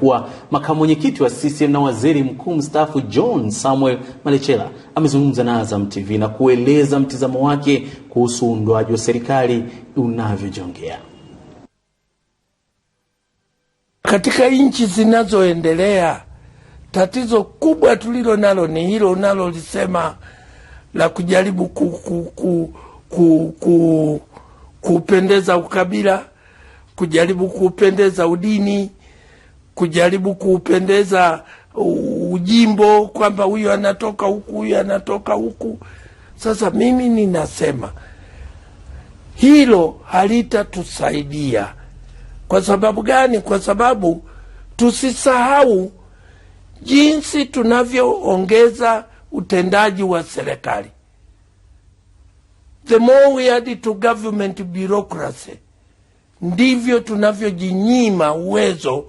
Kuwa makamu mwenyekiti wa CCM na waziri mkuu mstaafu John Samuel Malechela amezungumza na Azam TV na kueleza mtizamo wake kuhusu uundwaji wa serikali unavyojongea. Katika nchi zinazoendelea, tatizo kubwa tulilo nalo ni hilo unalolisema la kujaribu ku, ku, ku, ku, ku, kupendeza ukabila, kujaribu kupendeza udini kujaribu kuupendeza ujimbo kwamba huyu anatoka huku, huyu anatoka huku. Sasa mimi ninasema hilo halitatusaidia. Kwa sababu gani? Kwa sababu tusisahau jinsi tunavyoongeza utendaji wa serikali. The more we add to government bureaucracy, ndivyo tunavyojinyima uwezo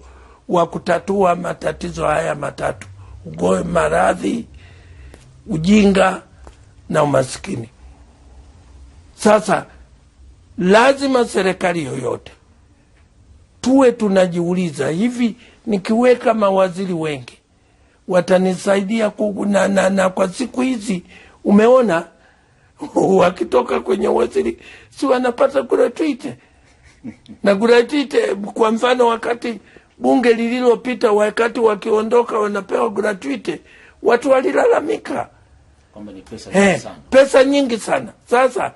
wa kutatua matatizo haya matatu: ugoe, maradhi, ujinga na umaskini. Sasa lazima serikali yoyote tuwe tunajiuliza, hivi nikiweka mawaziri wengi watanisaidia na, na, na kwa siku hizi umeona wakitoka kwenye waziri si wanapata kuratwite na kuratwite. Kwa mfano wakati bunge lililopita, wakati wakiondoka wanapewa gratuite watu walilalamika pesa, hey, eh, pesa nyingi sana. Sasa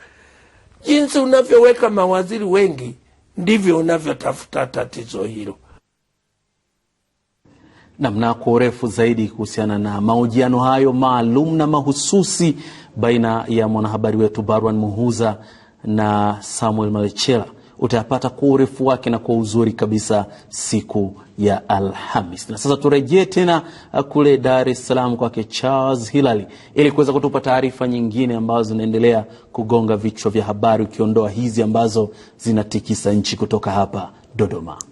jinsi unavyoweka mawaziri wengi ndivyo unavyotafuta tatizo hilo. Namna kwa urefu zaidi kuhusiana na mahojiano hayo maalum na mahususi baina ya mwanahabari wetu Barwan Muhuza na Samuel Malechela utayapata kwa urefu wake na kwa uzuri kabisa siku ya Alhamis. Na sasa turejee tena uh, kule Dar es Salaam kwake Charles Hilali ili kuweza kutupa taarifa nyingine ambazo zinaendelea kugonga vichwa vya habari, ukiondoa hizi ambazo zinatikisa nchi kutoka hapa Dodoma.